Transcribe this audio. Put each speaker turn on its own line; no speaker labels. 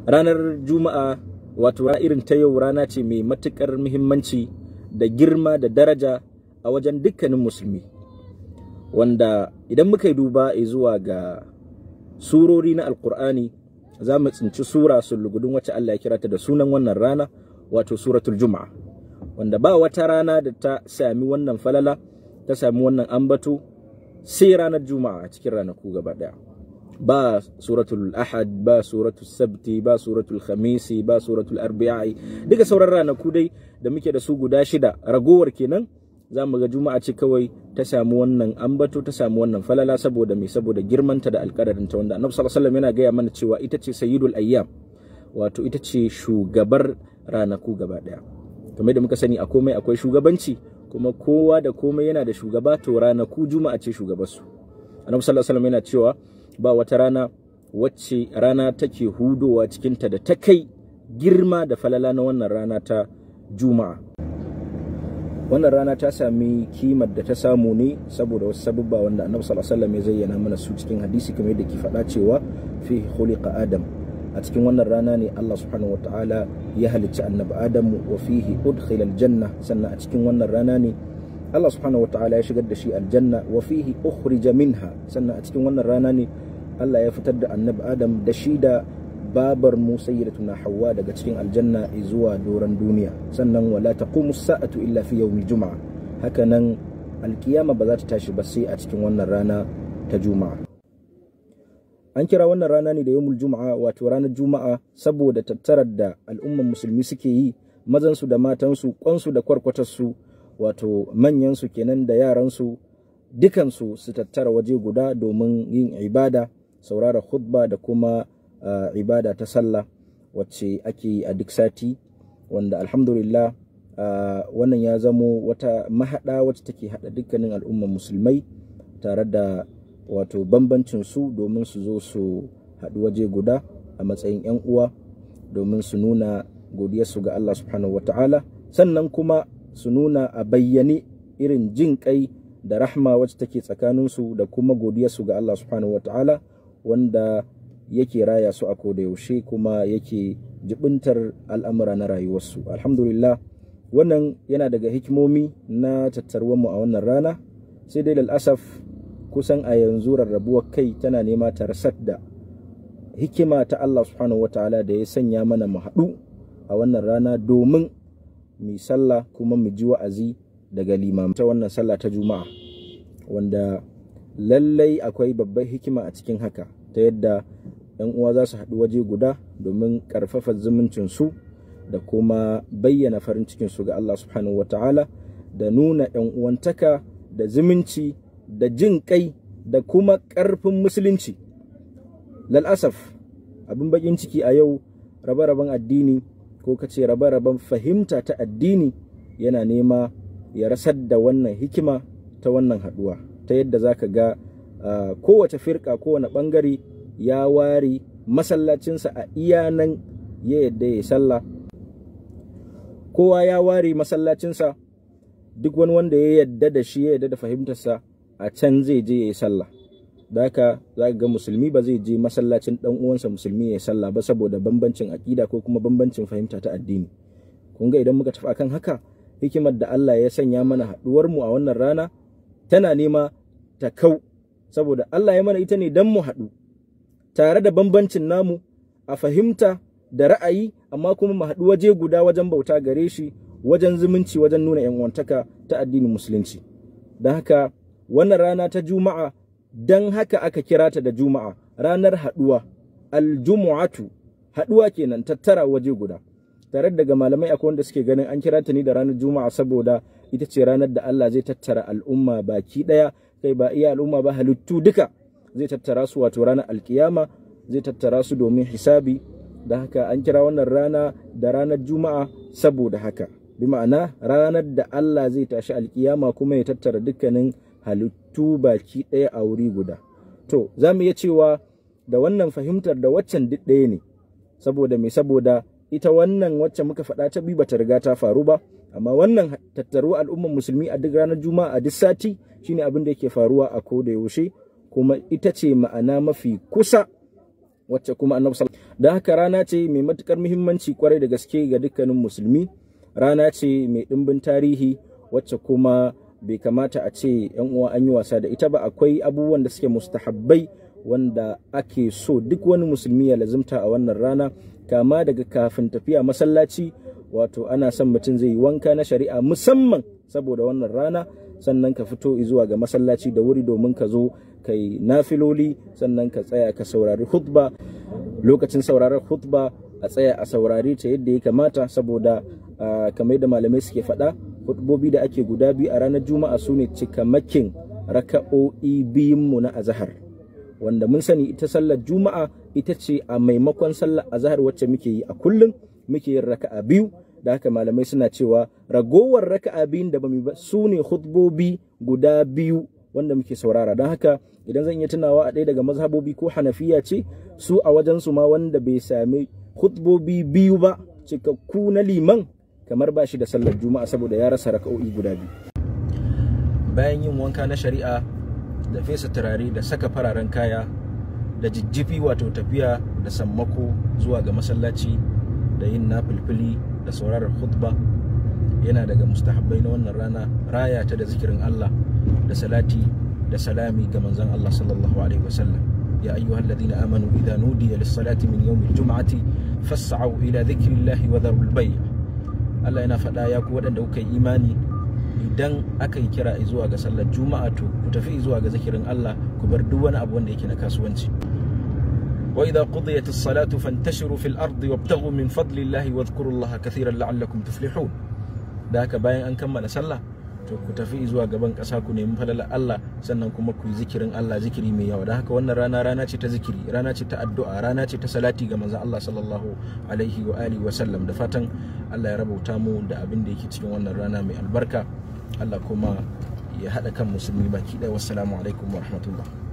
ranar juma'a wato rana irin ta yau rana ce mai matukar muhimmanci da girma da daraja a wajen dukkanin musulmi wanda idan muka yi duba zuwa ga surori na alkur'ani za mu tsinci sura lugudun wacce Allah ya kira ta da sunan wannan rana wato suratul juma'a wanda ba wata rana da ta sami wannan falala ta sami wannan ambato sai ranar juma'a cikin ranaku gaba daya Ba suratul-ahad, ba suratul-sabti, ba suratul khamisi ba suratul- الأربعاء duka sauran ranaku dai da muke da su guda shida ragowar kenan za mu ga juma'a ce kawai ta samu wannan ambato ta samu wannan falala saboda mai saboda girmanta da ta wanda annabi sallallahu alaihi yana gaya mana cewa ita ce sayyidul ayyam wato ita ce shugabar ranaku gaba daya kamar da muka sani a komai akwai shugabanci kuma kowa da komai yana da shugaba to ranaku juma'a ce shugabarsu annabi sallallahu alaihi yana cewa ba wata rana wacce rana take hudowa cikinta da ta kai girma da falala na wannan rana ta juma'a wannan rana ta sami kimar da ta samu ne saboda wasu sabubba wanda annabi sallallahu alaihi wasallam ya zayyana mana su cikin hadisi kamar yadda ke faɗa cewa fi khuliqa adam a cikin wannan rana ne Allah subhanahu wataala ya halicci annabi adamu wa fihi udkhila aljanna sannan a cikin wannan rana ne Allah subhanahu wataala ya shigar da shi aljanna wa fihi ukhrija minha sannan a cikin wannan rana ne Allah ya fitar da annabi Adam da shi da babar mu sayyidatuna Hawwa daga cikin aljanna zuwa doran duniya sannan wala taqumu sa'atu illa fi yawmil juma'a haka nan alkiyama ba za ta tashi ba sai a cikin wannan rana ta juma'a an kira wannan rana ne da yawmul juma'a wato ranar juma'a saboda tattarar da al'umman musulmi suke yi mazansu da matansu kwansu da kwarkwatarsu wato manyansu kenan da yaran su dukansu su tattara waje guda domin yin ibada saurara khutba da kuma uh, ibada ta sallah wacce ake a duk sati wanda alhamdulillah uh, wannan ya zamo wata mahada wacce take hada dukkanin al'umman musulmai tare da wato bambancin su domin su zo su haɗu waje guda a matsayin 'yan uwa domin su nuna godiyarsu ga Allah subhanahu wata'ala sannan kuma su nuna a bayyane irin jin kai da rahma wacce take tsakaninsu da kuma godiyarsu ga Allah subhanahu wataala wanda yake raya su a koda yaushe kuma yake jibintar al'amura na rayuwarsu alhamdulillah wannan yana daga hikimomi na mu a wannan rana sai dai lal'asaf kusan a yanzu rarrabuwar kai tana nema ta rasar da hikima ta Allah subhanahu wataala da ya sanya mana mu haɗu a wannan rana domin mu sallah kuma mu ji wa'azi daga limam ta wannan sallah ta juma'a wanda lallai akwai babbar hikima a cikin haka ta yadda yan uwa za su haɗu waje guda domin ƙarfafa zumuncin su da kuma bayyana farin cikin su ga Allah subhanahu wata'ala da nuna yan uwantaka da zumunci da jin kai da kuma ƙarfin musulunci lalasaf abin bakin ciki a yau rabe-raben addini ko ka ce rabe-raben fahimta ta addini yana nema ya rasar da wannan hikima ta wannan haɗuwa ta yadda za ka ga kowace firka kowane ɓangare ya wari masallacinsa a iya nan ya yadda ya sallah kowa ya wari masallacinsa duk wani wanda ya yadda da shi ya yadda da fahimtarsa a can zai je ya yi sallah da haka za ga musulmi ba zai je masallacin dan uwansa musulmi ya sallah ba saboda bambancin aƙida ko kuma bambancin fahimta ta addini kun ga idan muka tafi akan haka hikimar da Allah ya sanya mana haɗuwar mu a wannan rana tana nema ta kau saboda Allah ya mana ita ne dan mu haɗu tare da bambancin namu a fahimta da ra'ayi amma kuma mu haɗu waje guda wajen bauta gare shi wajen zumunci wajen nuna 'yan uwantaka ta addinin musulunci don haka wannan rana ta juma'a Dan haka aka kira ta da juma'a ranar haɗuwa aljumu'atu haɗuwa kenan tattara waje guda tare daga malamai akwai wanda suke ganin an kira ta ni da ranar juma'a saboda ita ce ranar da Allah zai tattara al'umma baki ɗaya kai ba iya al'umma ba halittu duka zai tattara su wato ranar alkiyama zai tattara su domin hisabi da haka an kira wannan rana da ranar juma'a saboda haka bi ma'ana ranar da Allah zai tashi alkiyama kuma ya tattara dukkanin halittu baki ɗaya a wuri guda to za mu iya cewa da wannan fahimtar da waccan duk ɗaya ne saboda mai saboda ita wannan wacce muka faɗa ta bi bata riga ta faru ba amma wannan tattaru al'ummar musulmi a duk ranar juma'a a duk sati shine abin da yake faruwa a ko da yaushe kuma ita ce ma'ana mafi kusa wacce kuma annabi da haka rana ce mai matukar muhimmanci kwarai da gaske ga dukkanin musulmi rana ce mai ɗimbin tarihi wacce kuma bai kamata a ce yan uwa an yi wasa da ita ba akwai abubuwan da suke mustahabbai wanda ake so duk wani musulmi ya lazimta a wannan rana kama daga kafin tafiya masallaci wato ana son mutum zai yi wanka na shari'a musamman saboda wannan rana sannan ka fito zuwa ga masallaci da wuri domin ka zo ka yi nafiloli sannan ka tsaya ka saurari hutba lokacin sauraron hutba a tsaya a saurari ta yadda ya kamata saboda ah, kamar da malamai suke faɗa hudubobi da ake guda biyu a ranar juma'a su ne cikamakin raka'o'i biyunmu na azahar wanda mun sani ita sallar juma'a ita ce a maimakon sallar azahar wacce muke yi a kullum muke yin raka'a biyu da haka malamai suna cewa ragowar raka'a biyun da bamu ba su ne hudubobi guda biyu wanda muke saurara don haka idan zan iya tunawa a ɗaya daga mazhabobi ko hanafiya ce su a wajensu ma wanda bai sami hutbobi biyu ba cikakku na liman kamar ba shi da sallar juma'a saboda ya rasa raka'o'i guda biyu bayan yin wanka na shari'a da fesa turare da saka fararen kaya da jijjifi wato tafiya da sammako zuwa ga masallaci da yin nafilfili da sauraron khutba yana daga mustahabbai na wannan rana raya ta da zikirin Allah da salati da salami ga manzon Allah sallallahu alaihi wasallam ya ayyuhal ladina amanu idza nudiya lis-salati min yawmil jum'ati fas'au ila dhikrillahi wa dharul bay' Allah yana faɗa ya ku waɗanda kuka yi imani idan aka yi kira zuwa ga sallar juma'a to ku tafi zuwa ga zikirin Allah ku bar duk wani abu wanda yake na kasuwanci wa idza qudiyat as-salatu fantashiru fil ardi wabtaghu min fadlillahi wadhkuru Allah kathiran la'allakum tuflihun da haka bayan an kammala sallah to ku tafi zuwa gaban ƙasa ku nemi falalar Allah sannan kuma ku yi zikirin Allah zikiri mai yawa da haka wannan rana rana ce ta zikiri rana ce ta addu'a rana ce ta salati ga manzon Allah sallallahu alaihi wa alihi wa sallam da fatan Allah ya rabauta mu da abin da yake cikin wannan rana mai albarka Allah kuma ya haɗa kan musulmi baki ɗaya wassalamu alaikum wa rahmatullah